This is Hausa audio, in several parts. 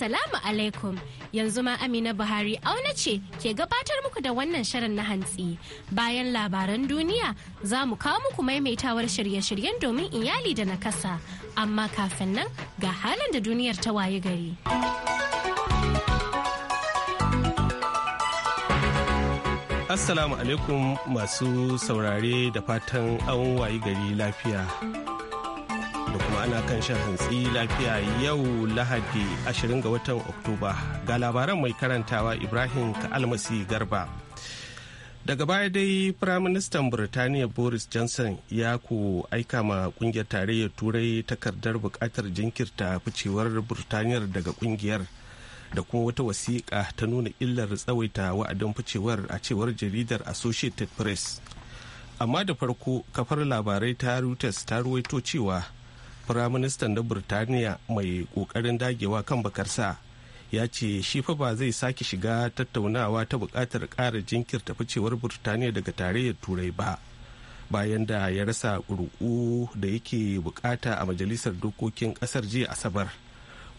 Assalamu alaikum yanzu ma Amina Buhari auna ce ke gabatar muku da wannan shirin na hantsi. Bayan labaran duniya za mu kawo muku maimaitawar shirye-shiryen domin iyali da nakasa. Amma kafin nan ga halin da duniyar ta waye gari. Assalamu alaikum masu saurare da fatan an wayi gari lafiya. da kuma ana kan shan hantsi lafiya yau lahadi 20 ga watan oktoba ga labaran mai karantawa ibrahim almasi garba daga baya dai firaministan birtaniya boris johnson ya ku aika ma kungiyar tarayyar turai takardar bukatar jinkirta ficewar birtaniyar daga kungiyar da kuma wata wasiƙa ta nuna illar tsawaita wa'adin ficewar a cewar jaridar associated press amma da farko kafar labarai ta reuters ta ruwaito cewa firaministan na burtaniya mai kokarin dagewa kan bakarsa ya ce shi fa ba zai sake shiga tattaunawa ta buƙatar ƙara jinkirta ficewar burtaniya daga tarayyar turai ba bayan da ya rasa ƙuri'u da yake buƙata a majalisar dokokin ƙasar jiya asabar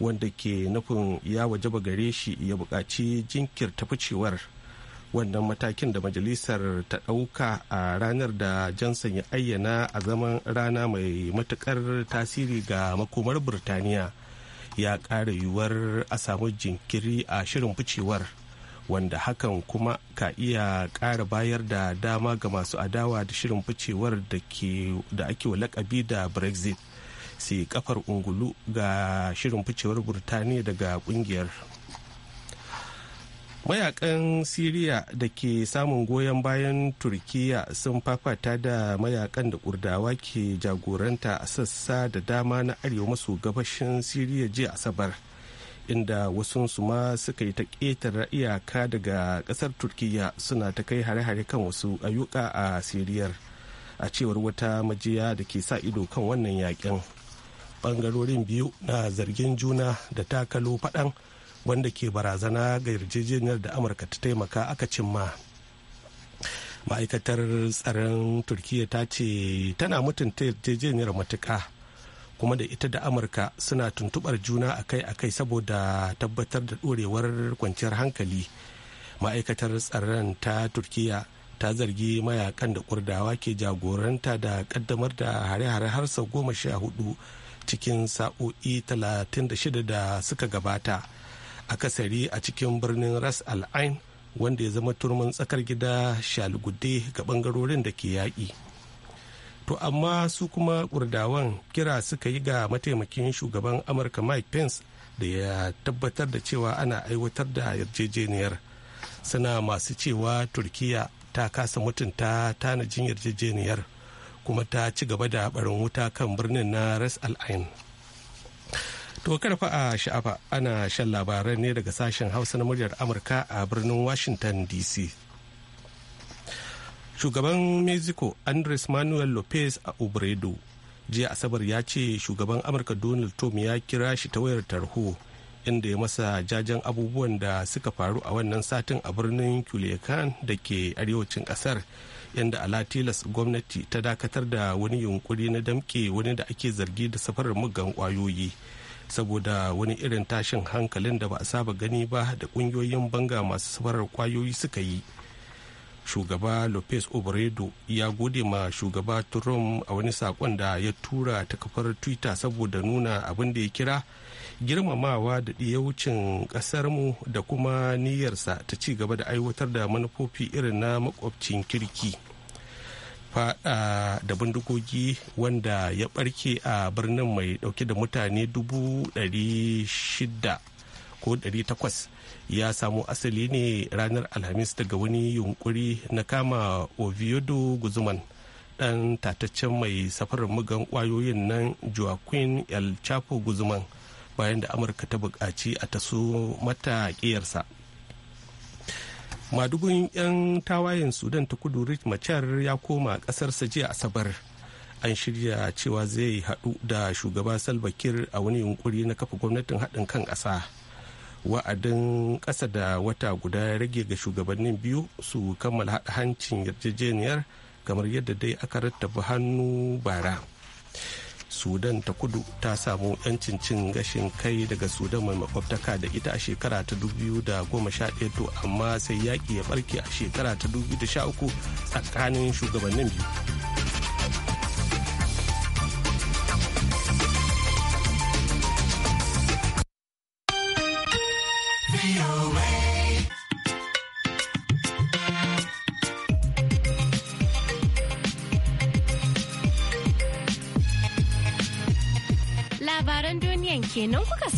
wanda ke nufin ya waje gare shi ya buƙaci jinkirta ficewar. wannan matakin da majalisar ta ɗauka a ranar da johnson ya ayyana a zaman rana mai matuƙar tasiri ga makomar birtaniya ya ƙara yiwuwar a samu jinkiri a shirin ficewar wanda hakan kuma ka iya ƙara bayar da dama ga masu adawa da shirin ficewar da ake wa lakabi da brexit sai kafar ungulu ga shirin ficewar burtaniya daga kungiyar mayakan siriya da ke samun goyon bayan turkiya sun fafata da mayakan da kurdawa ke jagoranta a sassa da dama na arewa maso gabashin siriya jiya asabar inda wasu ma suka yi ta ƙetare iyaka daga ƙasar turkiya suna ta kai hare-hare kan wasu ayyuka a siriyar a cewar wata majiya da ke sa ido kan wannan yakin bangarorin biyu na zargin juna da takalo faɗan wanda ke barazana ga yarjejeniyar da amurka ta taimaka aka cimma ma'aikatar tsaron turkiya ta ce tana mutunta yarjejeniyar matuka kuma da ita da amurka suna tuntubar juna akai-akai saboda tabbatar da ɗorewar kwanciyar hankali ma'aikatar tsaron ta turkiya ta zargi mayakan da kurdawa ke jagoranta da kaddamar da hare-hare har sau goma sha hudu cikin sa'o'i talatin da shida da suka gabata akasari a cikin birnin ras al ain wanda ya zama turmin tsakar gida shalgude ga bangarorin da ke yaƙi to amma su kuma kurdawan kira suka yi ga mataimakin shugaban amurka mike pence da ya tabbatar da cewa ana aiwatar da yarjejeniyar suna masu cewa turkiya ta kasa mutunta tanajin yarjejeniyar kuma ta ci gaba da barin wuta kan birnin na ras al ain To karfa a sha'afa ana shan labaran ne daga sashen Hausa na muryar Amurka a birnin Washington DC. Shugaban Mexico Andres Manuel Lopez a Obredo jiya Asabar ya ce shugaban Amurka Donald Trump ya kira shi ta wayar tarho inda ya masa jajen abubuwan da suka faru a wannan satin a birnin Culiacan da ke arewacin kasar. yadda a latilas gwamnati ta dakatar da wani yunkuri na damke wani da ake zargi da safarar muggan kwayoyi. saboda wani irin tashin hankalin da ba a saba gani ba da kungiyoyin banga masu safarar kwayoyi suka yi shugaba lopez obredo ya gode ma shugaba trump a wani saƙon da ya tura ta kafar twitter saboda nuna abin da ya kira girmamawa da ɗiyaucin ƙasarmu da kuma niyyarsa ta ci gaba da aiwatar da manufofi irin na makwabcin kirki. faɗa da bindigogi wanda ya barke a birnin mai ɗauke da mutane dubu shida ko takwas ya samo asali ne ranar alhamis daga wani yunkuri na kama oviodo guzuman dan tataccen mai safarar mugan ƙwayoyin nan joaquin el chapo guzuman bayan da amurka ta buƙaci a taso mata ƙiyarsa madugun 'yan tawayen sudan ta kudu rich machar ya koma ƙasarsa jiya asabar an shirya cewa zai haɗu da shugaba salva a wani yunkuri na kafa gwamnatin haɗin kan ƙasa wa'adin ƙasa da wata guda ya rage ga shugabannin biyu su kammala hancin yarjejeniyar kamar yadda dai aka rattaba hannu bara sudan ta kudu ta samu 'yancin cin gashin kai daga sudan mai makwabtaka da ita a shekara ta 2011 to amma sai yaƙi ya barke a shekara ta 2013 tsakanin shugabannin biyu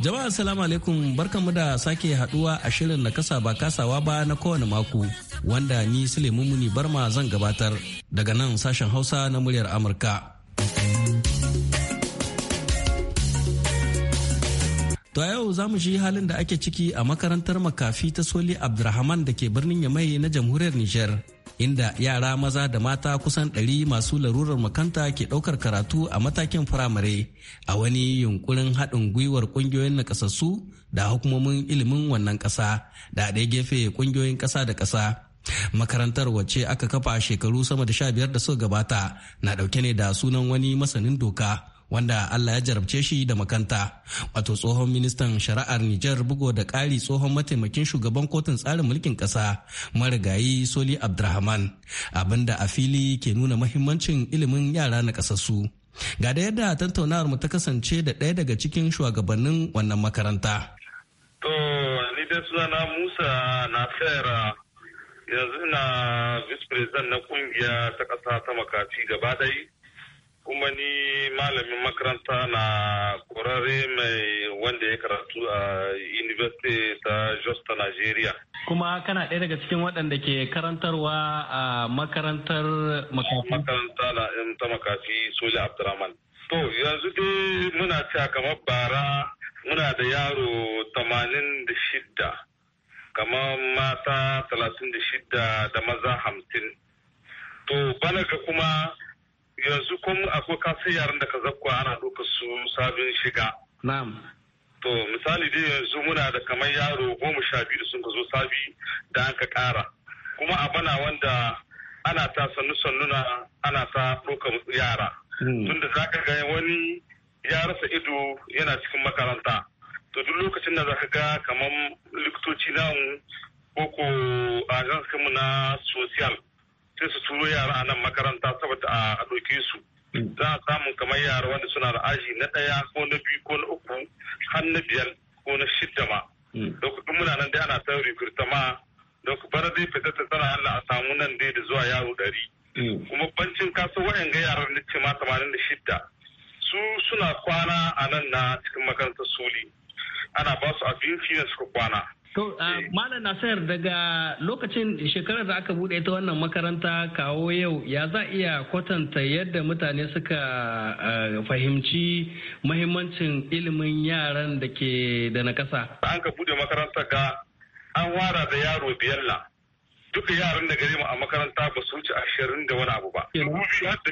Jama'a salamu alaikum barkanmu da sake haduwa a shirin na kasa ba kasawa ba na kowane mako wanda ni Suleiman Muni Barma zan gabatar daga nan sashen Hausa na muryar Amurka. To yau za mu shi halin da ake ciki a makarantar makafi ta Soli Abdulrahman da ke birnin Yamai na jamhuriyar Nijar. inda yara maza da mata kusan ɗari masu larurar makanta ke ɗaukar karatu a matakin firamare a wani yunkurin haɗin gwiwar ƙungiyoyin nakasassu da hukumomin ilimin wannan ƙasa da ɗaya gefe ƙungiyoyin ƙasa da ƙasa makarantar wacce aka kafa shekaru sama da sha biyar da suka gabata na ɗauke ne da sunan wani masanin doka wanda Allah ya jarabce shi da makanta wato tsohon ministan shari'ar Nijar bugo da ƙari tsohon mataimakin shugaban kotun tsarin mulkin ƙasa marigayi Soli Abdurrahman abinda a fili ke nuna mahimmancin ilimin yara na ƙasassu. Ga da yadda tattaunawar mu ta kasance da ɗaya daga cikin shugabannin wannan makaranta. To ni da sunana Musa Nasera yanzu na vice president na kungiya ta ƙasa ta makaci gaba ɗaya. kuma ni malamin makaranta na kurare mai wanda ya karatu a university ta jos ta nigeria kuma kana ɗaya daga cikin waɗanda ke karantarwa a makarantar makafi makaranta na ta makafi soja abdurrahman to yanzu dai muna cewa kamar bara muna da yaro tamanin da shida, kamar mata talatin da shida, da maza hamsin to bana ga kuma yanzu kuma akwai kasar yaran da ka zakwa ana ɗauka su sabin shiga. Na'am. To misali dai yanzu muna da kamar yaro goma sha biyu sun ka zo sabi da an ka ƙara. Kuma a bana wanda ana ta sannu sannuna ana ta ɗauka yara. Hmm. Tunda za ka ga wani ya rasa ido yana cikin makaranta. To duk lokacin da za ka ga kamar likitoci namu ko ko a na social. sai su turo yara a nan makaranta saboda a ɗauke su mm. za a samu kamar yara wanda suna da aji na ɗaya ko na biyu ko na uku har na biyar ko na shidda ma lokacin mm. muna nan dai ana ta rikirta ma da ku zai dai fita ta tsara Allah a samu nan dai da zuwa yaro ɗari mm. kuma bancin kaso wayan ga yaran na ce ma tamanin da shidda su suna kwana a nan na cikin makarantar soli ana ba su abinci da suka kwana To, uh, eh. Malam Nasir daga lokacin shekarar da aka bude ta wannan makaranta kawo yau ya za iya kwatanta yadda mutane suka uh, fahimci mahimmancin ilimin yaran da ke da nakasa. An ka bude makaranta ga an wara da yaro biyar na Duka yaran da gare mu a makaranta ba su wuce ashirin da wani abu ba. Yanzu har da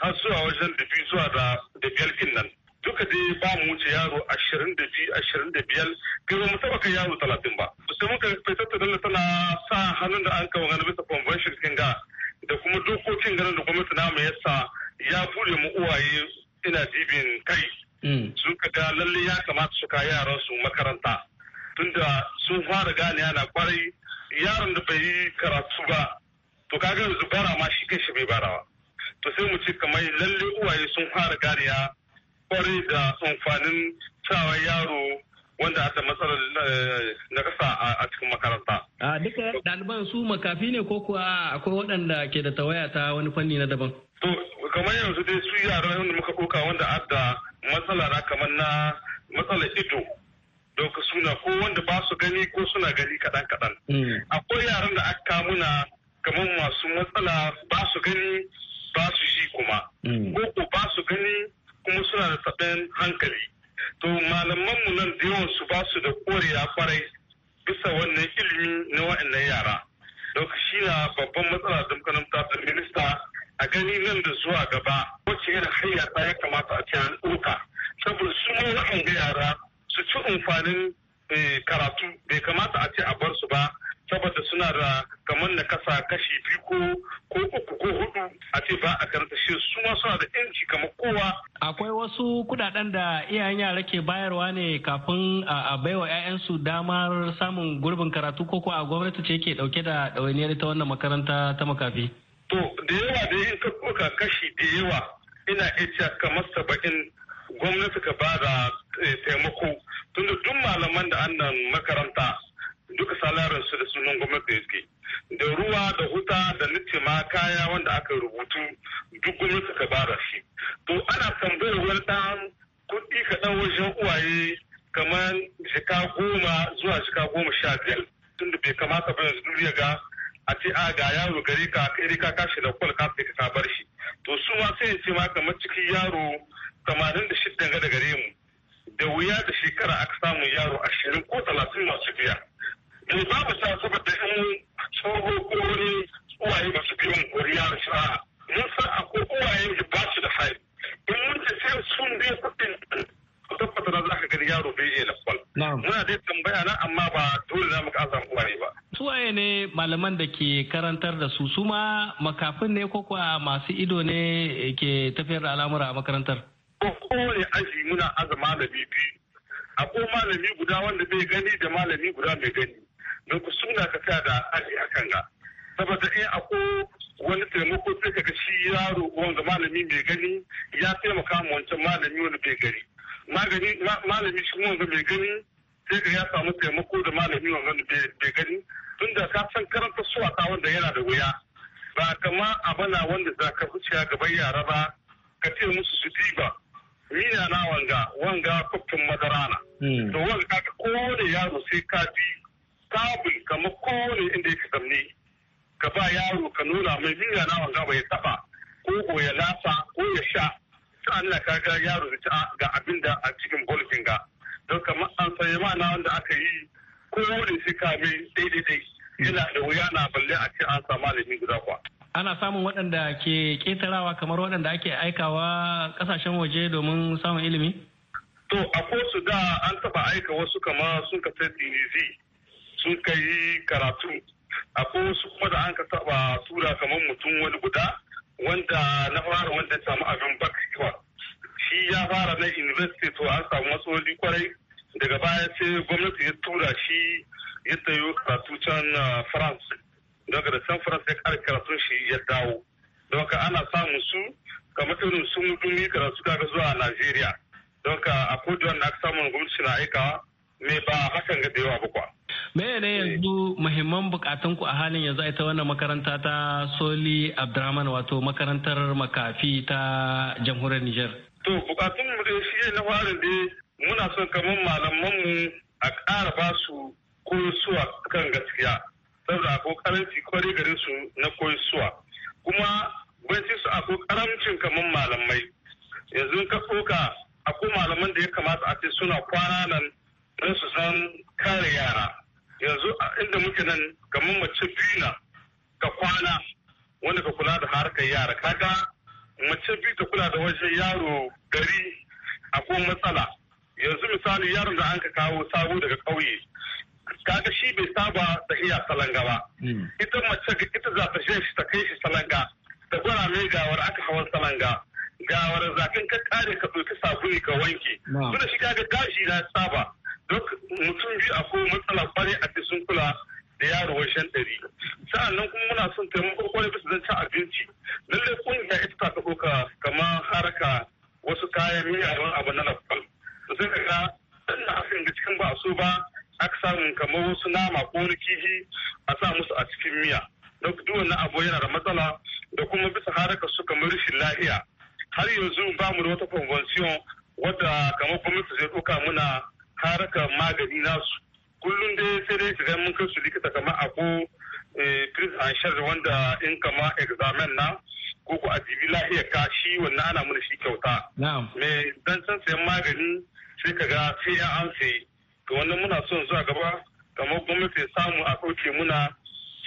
har zuwa wajen da zuwa da biyar nan. duka dai ba mu wuce yaro ashirin da biyu ashirin da biyar kai ba mu taɓa kai yaro talatin ba sai muka fitar ta dalla tana sa hannun da an kawo ganin bisa convention kin ga da kuma dokokin ganin da gwamnati na mu yasa ya buɗe mu uwaye ina dibin kai mm. sun ga lalle ya kamata su kai yaran su makaranta tunda sun fara gane yana kwarai yaron da bai yi karatu ba to kaga yanzu bara ma shi kai shi bai barawa to sai mu ce kamar lallai uwaye sun fara ganiya kwarai da amfanin sawa yaro wanda aka matsala eh, na kasa a cikin makaranta. A duka ɗaliban su makafi ne ko kuwa akwai waɗanda ke da tawaya ta wani fanni na daban? To kamar yanzu dai su yaran wanda muka ɗauka wanda adda matsala na kamar na matsala ido. Doka suna ko wanda ba su gani ko suna gani kaɗan kaɗan. Hmm. Akwai yaran da aka muna kamar masu matsala ba su gani ba su shi kuma. Hmm. Ko ko ba su gani kuma suna da taɓin hankali to malamanmu nan da yawan su basu da koriya kwarai bisa wannan ilimi na wa'annan yara dauka shi na babban matsala da makaranta da minista a gani nan da zuwa gaba wacce irin hanya ta ya kamata a ce an ɗauka saboda su ne ga yara su ci amfanin eh, karatu bai kamata a ce a bar su ba saboda suna da kamar na kasa kashi biyu ko ko uku ko hudu a ce ba a karanta shi su ma suna da inci kamar kowa akwai wasu kudaden da iyayen yara ke bayarwa ne kafin a baiwa 'ya'yansu damar samun gurbin karatu ko ko a gwamnati ce ke dauke da ɗawainiyar ta wannan makaranta ta makafi to da yawa da yin kakoka kashi da yawa ina iya kamar saba'in gwamnati ka bada eh, taimako tunda duk malaman da annan makaranta duka salarin su da sunan gwamnati yake da ruwa da huta da nitima kaya wanda aka rubutu duk gwamnati ka bada shi to ana tambayar wani ɗan kuɗi kaɗan wajen uwaye kamar shika goma zuwa shika goma sha biyar tunda bai kamata ba yanzu duniya ga a ce a ga yaro gari ka kai ka kashi da kwal ka ka bar shi to su ma sai ce ma kamar cikin yaro tamanin da ga da gare mu da wuya da shekara aka samu yaro ashirin ko talatin masu biya. ba babu sa saboda in tsoho ko wani uwaye ba yana dai tambaya na amma ba dole na muka azan ne ba. Suwaye ne malaman da ke karantar da su suma makafin ne ko kuwa masu ido ne ke tafiyar da al'amura a makarantar? ko Kowane aji muna da malami a ko malami guda wanda bai gani da malami guda mai gani. Don ku suna ka da aji kan ga. Saboda eh, in ko wani taimako sai ka ga shi yaro wanda malami mai gani ya taimaka ma wancan malami wanda bai gani. Malami shi wanda mai gani sai da ya samu taimako da malami wanda bai gani tun da ka san karanta su tsawon wanda yana da wuya ba kama bana wanda za ka huciya gaban yara ba ka ce musu su diba mina na wanga wanga kuftin madara na hmm. to wanga ka kowane yaro sai ka bi tabul kamar kowane inda yake zamne ka ba yaro ka nuna mai mina na wanga bai taba ko ya lasa ko ya sha sa'an na ka ga yaro ga abinda a cikin bolfin ga don kamar an sanya mana wanda aka yi ko wani shi kame daidai yana da wuya na balle a ce an samu malami guda kwa. ana samun waɗanda ke ƙetarawa kamar waɗanda ake aikawa ƙasashen waje domin samun ilimi? To, a su da an taɓa aika wasu kama sun ka sai Tunisi sun ka yi karatu. A su kuma da an ka taɓa tura kamar mutum wani guda wanda na fara wanda samu abin bakiwa? Shi ya fara na university to an samu matsaloli kwarai daga baya sai gwamnati ya tura shi ya tayo karatu can uh, france daga da san france ya kare karatun shi ya dawo don ka ana samun su kamar irin sun dumi karatu kaga zuwa nigeria don ka a kodiyar na samun gwamnati na aika me ba hakan ga da yawa ba kwa. Me ne yanzu muhimman bukatun ku a halin yanzu ta wannan makaranta ta Soli Abdurrahman wato makarantar makafi ta jamhuriyar Nijar. To bukatun mu da shi na farin da muna son kamar malamanmu a ƙara ba su koyosuwa kan gaskiya saboda ko karanci kwarai garin su na koyosuwa kuma banci su a ko karamcin kamar malamai yanzu ka tsoka akwai malaman da ya kamata a ce suna kwana nan don su san kare yara yanzu inda muke nan kamar mace biyu na ka kwana wanda ka kula da harkar yara kaga mace biyu ta kula da wajen yaro gari akwai matsala yanzu misali yaron da an ka kawo sabo daga ƙauye kaga shi bai saba da iya salanga ba hmm. ita mace ita za ta je shi ta kai shi salanga da gwara mai gawar aka hawan salanga gawar zafin ka kare ka ɗauki sabuni ka wanke tunda shi kaga gashi na saba duk mutum biyu akwai matsala kwarai a sun kula da yaro wajen ɗari sa'an nan kuma muna son taimako kwarai bisa zan ci abinci lallai kungiya ita ta ka kama haraka wasu kayan miyar abu na lafal sun daga ka ga cikin ba a so ba aka samu kamar wasu nama ko wani kifi a sa musu a cikin miya don duk wannan abu yana da matsala da kuma bisa haraka su kamar rashin lahiya har yanzu ba mu da wata convention wadda kamar gwamnati zai ɗauka muna haraka magani nasu kullum dai sai dai su mun kai su likita kamar ko eh, prince and shar wanda in kama examen na ko ko a dibi lahiyar ka shi wannan ana mana shi kyauta. Me dan san sayan magani sai ka ga sai ya an ga wannan muna son zuwa gaba kamar gwamnati samu a kauce muna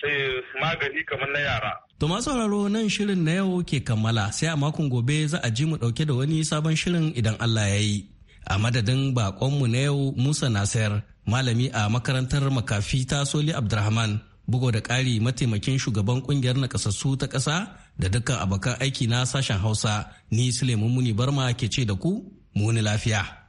eh, magani kamar na yara. To masu sauraro nan shirin na yau ke kammala sai a makon gobe za a ji mu ɗauke da wani sabon shirin idan Allah ya yi. A madadin baƙonmu na yau Musa Nasir, malami a makarantar makafi ta Soli Abdulrahman, bugo da ƙari mataimakin shugaban ƙungiyar nakasassu ta ƙasa da dukkan abokan aiki na sashen Hausa, ni Suleiman Muni Barma ke ce da ku, muni lafiya.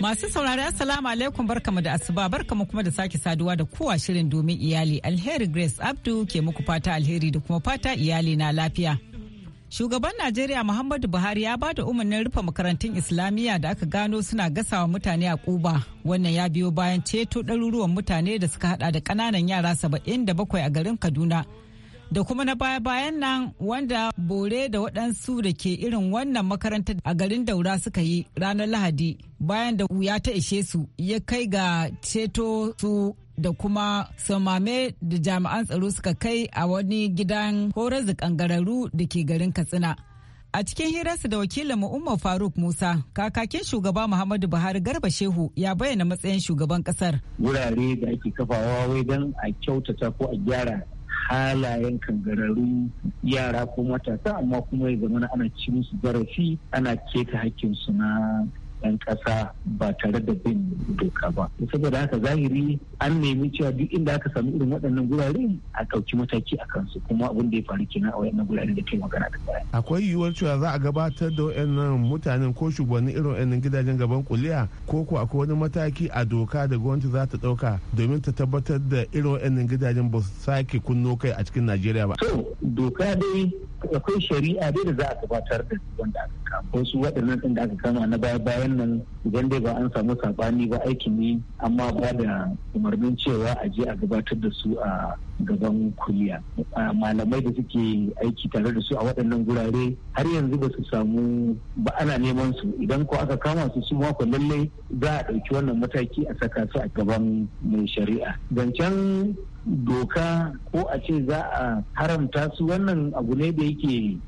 Masu saurari Assalamu alaikum barkamu da asuba barkamu kuma da sake saduwa da kowa shirin domin iyali alheri Grace Abdu ke muku fata alheri da kuma fata iyali na lafiya. Shugaban Najeriya Muhammadu Buhari ya bada umarnin rufe makarantun Islamiyya da aka gano suna gasawa mutane a Kuba. Wannan ya biyo bayan ceto ɗaruruwan mutane da suka hada da ƙananan yara saba'in da bakwai a garin Kaduna. da kuma na baya-bayan nan wanda bore da waɗansu da ke irin wannan makarantar a garin daura suka yi ranar lahadi bayan da wuya ta ishe su ya kai ga ceto su da kuma samame da jami'an tsaro suka kai a wani gidan horar da kangararru da ke garin katsina a cikin hirarsa da wakilin umar faruk musa kakakin shugaba muhammadu buhari garba shehu ya bayyana matsayin shugaban kasar wurare da ake kafawa wai don a kyautata ko a gyara halayen kangararru yara ko matasa amma kuma ya zama ana ci musu zarafi ana keta hakkinsu na ɗan ƙasa ba tare da bin doka ba saboda haka zahiri an nemi cewa duk inda aka samu irin waɗannan gurare a ɗauki mataki a kansu kuma abin da ya faru kenan a waɗannan gurare da ke magana da baya akwai yiwuwar cewa za a gabatar da waɗannan mutanen ko shugabannin irin waɗannan gidajen gaban kuliya ko ko akwai wani mataki a doka da gwamnati za ta ɗauka domin ta tabbatar da irin waɗannan gidajen ba su sake kunno kai a cikin najeriya ba. to doka dai akwai shari'a dai da za a gabatar da wanda aka kama wasu waɗannan ɗin da aka kama na baya bayan nan idan dai ba an samu saɓani ba aikin ne amma ba da umarnin cewa a je a gabatar da su a gaban kuliya malamai da suke aiki tare da su a waɗannan gurare har yanzu ba su samu ba ana neman su idan ko aka kama su su mako lallai za a ɗauki wannan mataki a saka su a gaban mai shari'a zancen doka ko a ce za a haramta su wannan abu ne da yake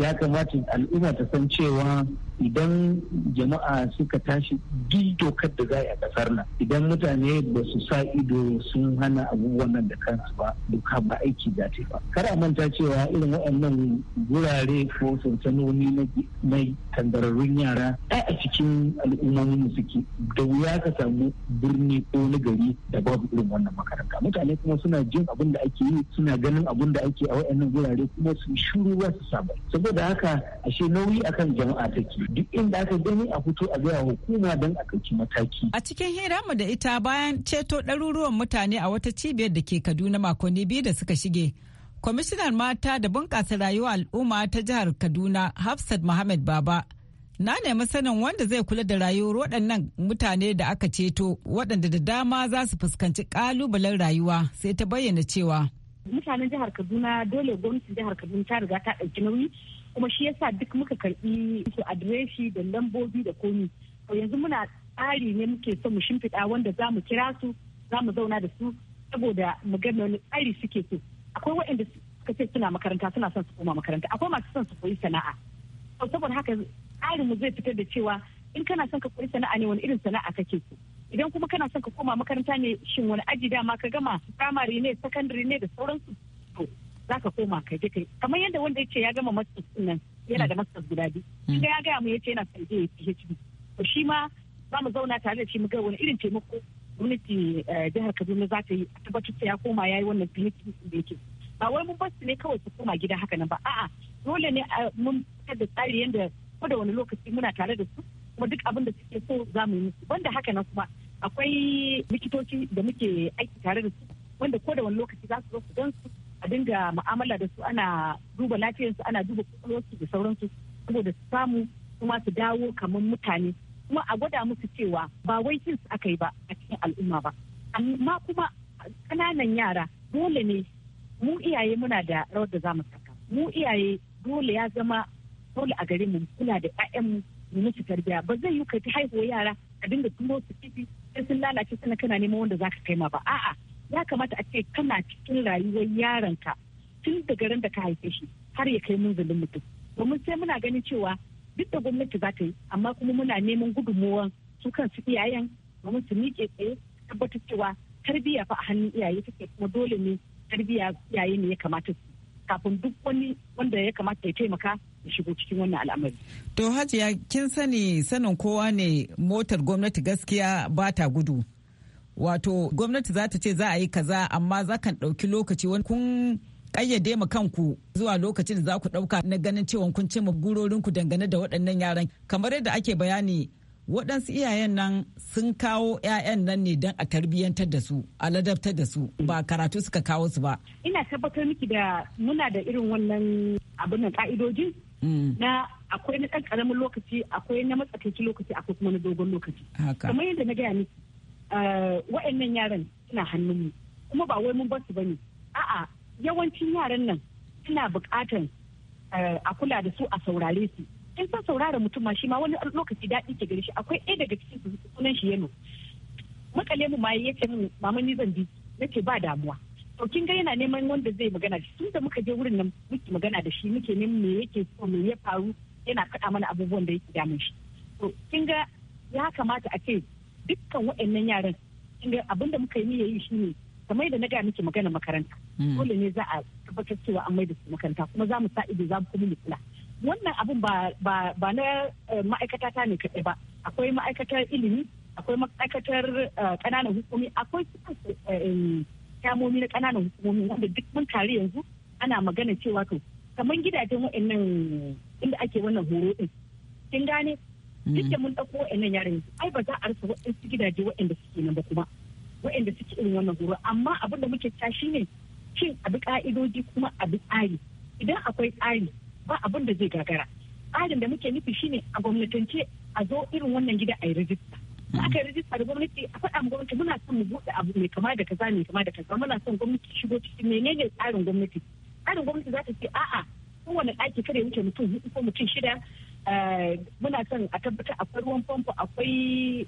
ya kamata al'umma ta san cewa idan jama'a suka tashi duk dokar da za a kasar nan idan mutane ba su sa ido sun hana abubuwan nan da kansu ba doka ba aiki za ta ba kar a manta cewa irin waɗannan gurare ko sansanoni na tangararrun yara ai a cikin al'ummomin suke da wuya ka samu birni ko na gari da babu irin wannan makaranta mutane kuma suna jin abin da ake yi suna ganin abin da ake a waɗannan gurare kuma su shuru ba su saba saboda haka ashe nauyi akan jama'a take duk inda aka gani a fito a gaya hukuma don a ɗauki mataki. A cikin hira mu da ita bayan ceto ɗaruruwan mutane a wata cibiyar da ke Kaduna makonni biyu da suka shige. Kwamishinan mata da bunƙasa rayuwa al'umma ta jihar Kaduna Hafsat Mohammed Baba na nemi sanin wanda zai kula da rayuwar waɗannan mutane da aka ceto waɗanda da dama za su fuskanci ƙalubalen rayuwa sai ta bayyana cewa. Mutanen jihar Kaduna dole gwamnatin jihar Kaduna ta riga ta ɗauki nauyi kuma shi yasa duk muka karbi su adireshi da lambobi da komi to yanzu muna tsari ne muke so mu shimfiɗa wanda za mu kira su za mu zauna da su saboda mu ga wani tsari suke so akwai waɗanda suka ce suna makaranta suna son su koma makaranta akwai masu son su koyi sana'a to saboda haka tsarin mu zai fitar da cewa in kana son ka koyi sana'a ne wani irin sana'a kake so idan kuma kana son ka koma makaranta ne shin wani aji dama ka gama primary ne sakandare ne da sauransu za ka koma ka je kai kamar yadda wanda yake ya gama masters nan yana da masters guda biyu kinga mm. ya gaya mu yace yana son je PhD to shi ma za mu zauna tare da shi mu ga wani irin taimako gwamnati eh, jihar Kaduna za ta yi a tabbatar ya koma yayi wannan PhD da yake ba wai mun basu ne kawai su koma gida haka nan ba a'a dole ne eh, mun fitar da tsari yadda ko da wani lokaci muna tare da su kuma duk abin da suke so za mu yi musu banda haka nan kuma akwai likitoci da muke aiki tare da su wanda ko da wani lokaci za su zo su gan su a dinga mu'amala da su ana duba lafiyarsu ana duba kwakwalwarsu da sauransu saboda su samu kuma su dawo kamar mutane kuma a gwada musu cewa ba wai cin su aka yi ba a cikin al'umma ba amma kuma ƙananan yara dole ne mu iyaye muna da rawar da za mu saka mu iyaye dole ya zama dole a gare mu kula da 'ya'yanmu mu musu tarbiya ba zai yi kai ta haihuwa yara a dinga tuno su kifi sai sun lalace sana kana neman wanda za ka kai ma ba a'a ya kamata a ce kana cikin rayuwar yaronka tun daga ran da ka haife shi har ya kai mun munzulin mutum domin sai muna ganin cewa duk da gwamnati za ta yi amma kuma muna neman gudunmuwan su su iyayen domin su miƙe tsaye tabbatar cewa tarbiyya fa a hannun iyaye take kuma dole ne tarbiyya iyaye ne ya kamata su kafin duk wani wanda ya kamata ya taimaka ya shigo cikin wannan al'amari. To Hajiya kin sani sanin kowa ne motar gwamnati gaskiya ba ta gudu. wato gwamnati za ta ce za a yi kaza amma za kan ɗauki lokaci wani kun kayyade ma kanku zuwa lokacin da za ku ɗauka na ganin cewa kun ce cimma gurorinku dangane da waɗannan yaran kamar yadda ake bayani waɗansu iyayen nan sun kawo 'ya'yan nan ne don a tarbiyyantar da su a ladabtar da su ba karatu suka kawo su ba ina tabbatar miki da muna da irin wannan abin nan mm. na akwai na ɗan ƙaramin lokaci akwai na matsakaici lokaci akwai kuma na dogon lokaci kamar yadda na gaya miki Eh, wa'annan yaran suna hannunmu kuma ba wai mun ba su bane a'a yawancin yaran nan suna buƙatan eh, a kula da su a saurare su in san saurara mutum ma shi ma wani lokaci daɗi ke gare shi akwai ɗaya daga cikin sunan shi yano makale mu ma ce min mama ni zan bi nace ba damuwa to kin ga yana neman wanda zai magana da tun da muka je wurin nan muke magana da shi muke neman me yake so me ya faru yana faɗa mana abubuwan da yake damun shi to kin ga ya kamata a ce dukkan waɗannan yaran inda abinda muka yi yayi shi shine kamar da na ga miki magana makaranta hmm. dole ne za a tabbatar cewa an maida su makaranta kuma za mu sa ido za mu kuma kula wannan abin ba na eh, ma'aikata ta ne kaɗai ba akwai ma'aikatar ilimi akwai ma'aikatar eh, ƙananan hukumi akwai eh, kyamomi na ƙananan hukumomi wanda duk mun tare yanzu ana magana cewa to kamar gidajen waɗannan inda ake wannan horo din kin gane duk mm. da mun ɗauko wa'annan yaran ai ba za a rasa waɗansu gidaje waɗanda suke nan ba kuma waɗanda suke irin wannan horo amma abin da muke ta shi ne shin abi ka'idoji kuma abi tsari idan akwai tsari ba abin da zai gagara tsarin da muke nufi shine a gwamnatance a zo irin wannan gida a yi rajista mm. aka yi rajista da gwamnati a faɗa mu gwamnati muna son mu buɗe abu mai kama da kaza mai kama da kaza muna son gwamnati shigo ciki menene tsarin gwamnati tsarin gwamnati za ta ce a'a kowane ɗaki kare wuce mutum hudu ko mutum shida Eh, muna son a tabbatar akwai ruwan famfo akwai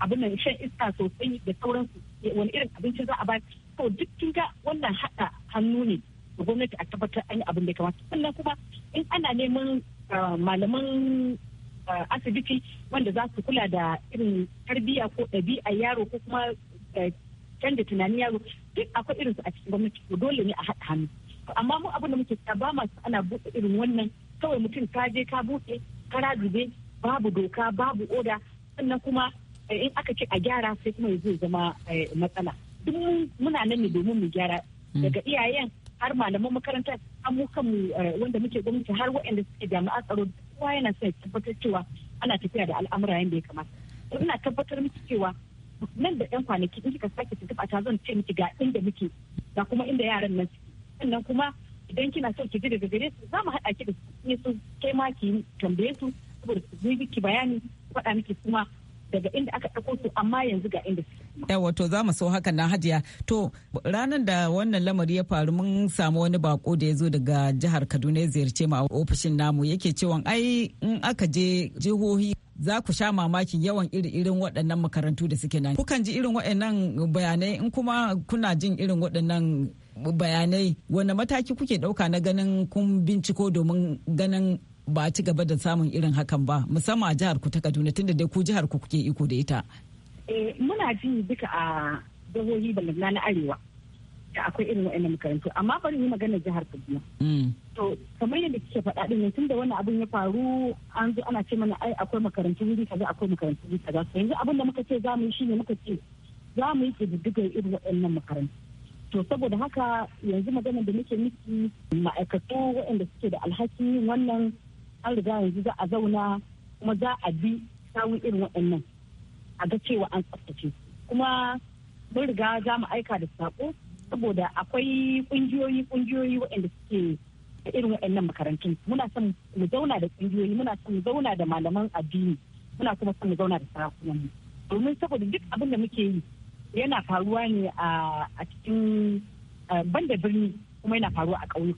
abin nan shan iska sosai da sauransu wani irin abinci za a ba to duk kin ga wannan haɗa hannu ne da gwamnati a tabbatar an yi abin da kamata sannan kuma in ana neman eh, malaman eh, asibiti wanda za su kula da irin tarbiyya ko ɗabi'a yaro ko kuma canza tunanin yaro duk akwai irin su a cikin gwamnati to dole ne a haɗa hannu amma mu abin da muke ba masu ana buɗe irin wannan kawai mutum ka je ka buɗe kara zube babu doka babu oda sannan kuma eh, in aka ce a gyara sai kuma zai zama eh, matsala duk muna nan ne domin mu gyara hmm. daga iyayen har malaman makaranta an mu kanmu eh, wanda muke gwamnati har waɗanda suke jami'a tsaro kowa yana son tabbatar cewa ana tafiya da al'amura yadda ya kamata ina tabbatar miki cewa nan da yan kwanaki in kika sake tuntuɓa ta zan ce miki ga inda muke ga kuma inda yaran nan suke sannan kuma idan kina so ki ji daga gare su za mu haɗa ki da su kai ma ki tambaye su saboda su yi bayani faɗa miki kuma daga inda aka ɗauko su amma yanzu ga inda suke. to za mu so haka na hajiya. To ranar da wannan lamari ya faru mun samu wani bako da ya zo daga jihar Kaduna ya ziyarce mu a ofishin namu yake cewa ai in aka je jihohi za ku sha mamakin yawan iri-irin waɗannan makarantu da suke nan. Kukan ji irin waɗannan bayanai in kuma kuna jin irin waɗannan bayanai wani mataki kuke ɗauka na ganin kun binciko domin ganin ba ci gaba da samun irin hakan ba musamman a jihar ku ta kaduna tunda dai ku jihar ku kuke iko da ita eh, muna ji duka a jihohi da na arewa da akwai irin wa'annan makarantu amma bari yi magana jihar kaduna mm. to kamar yadda kike faɗa din tun da wani abin ya faru an zo ana ce mana ai akwai makarantu wuri kaza akwai makarantu wuri kaza yanzu abin da muka ce za mu yi shine muka ce za mu yi kididdigar irin wa'annan makarantu to saboda haka yanzu maganar da muke miki ma'aikatu waɗanda suke da alhaki wannan an riga yanzu za a zauna kuma za a bi sawun irin waɗannan a ga cewa an tsaftace kuma mun riga za mu aika da sako saboda akwai ƙungiyoyi ƙungiyoyi waɗanda suke da irin waɗannan makarantun muna son mu zauna da ƙungiyoyi muna son mu zauna da malaman addini muna kuma son mu zauna da sarakunan domin saboda duk abin da muke yi yana faruwa ne a cikin ban da birni kuma yana faruwa a mu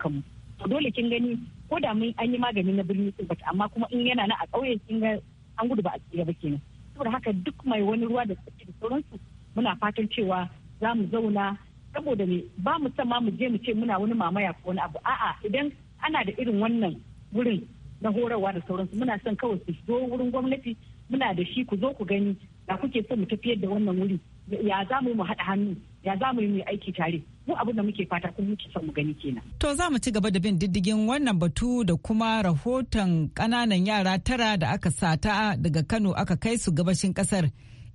to dole kin gani ko da mun an yi magani na birni sun bata amma kuma in yana na a ƙauye kin ga an gudu ba a tsira ba kenan saboda haka duk mai wani ruwa da tsaki da sauransu muna fatan cewa za mu zauna saboda ne ba mu san ma mu je mu ce muna wani mamaya ko wani abu a'a idan ana da irin wannan wurin na horarwa da sauransu muna son kawai su zo wurin gwamnati muna da shi ku zo ku gani da kuke so mu tafiyar da wannan wuri ya za mu mu haɗa hannu ya za mu yi aiki tare mu abin da muke fata kuma muke son mu gani kenan. To za mu ci gaba da bin diddigin wannan batu da kuma rahoton ƙananan yara tara da aka sata daga Kano aka kai su gabashin ƙasar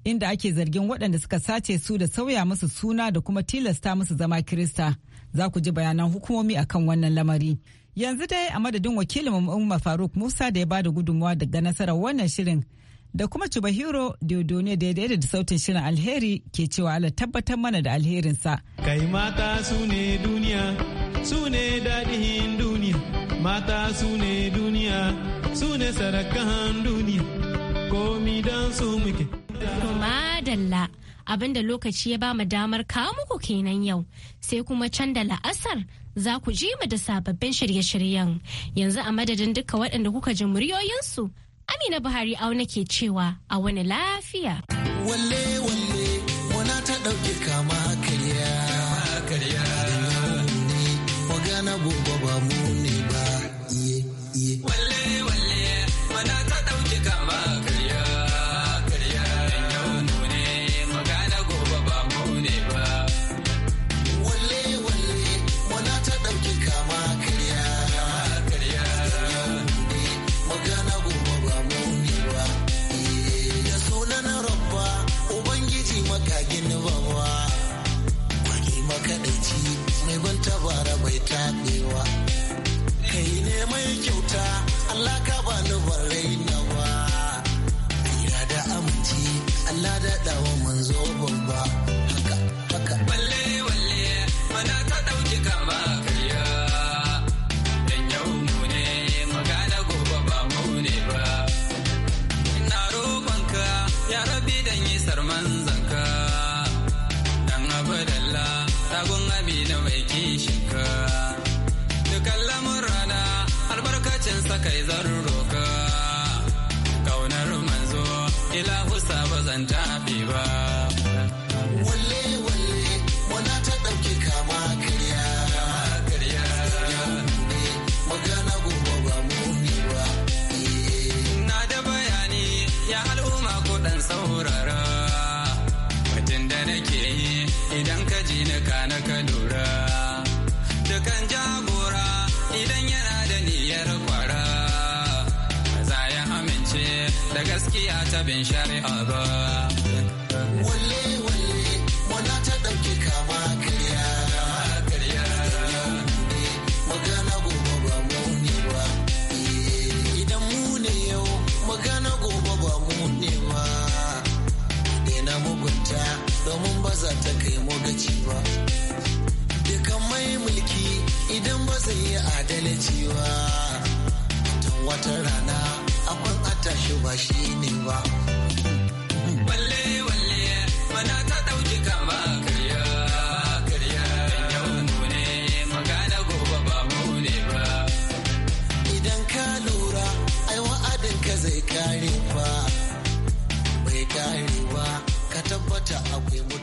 inda ake zargin waɗanda suka sace su da sauya musu suna da kuma tilasta musu zama Kirista. Za ku ji bayanan hukumomi akan wannan lamari. Yanzu dai a madadin wakilin Umar Faruk Musa da ya bada gudunmawa daga nasarar wannan shirin. da kuma Chubahiro Diodone daidai da sautin shirin alheri ke cewa ala tabbatar mana da alherinsa. Kai mata su ne duniya, su ne daɗin duniya, mata su ne duniya, su ne sarakan duniya, komi don su muke. Kuma dalla. abinda lokaci ya ba mu damar kawo muku kenan yau sai kuma can da la'asar za ku ji mu da sababbin shirye-shiryen yanzu a madadin duka waɗanda kuka ji muryoyinsu Amina Buhari au nake cewa a wani lafiya. Walle walle wana ta ɗauke idan yana da niyyar kwara za ya amince da gaskiya ta bin shari'a ba walle walle wana ta ɗauke kama karya magana gobe ba mu ne ba eh, idan mu ne yau magana gobe ba mu ne ba ina mugunta domin ba za ta kai mu zai yi adalci ba tun wata rana abin atashi ba shi ne ba kama karya yau magana gobe ne ba idan ka lura ai wa'adin ka zai kare bai kare ba ka tabbata akwai mutu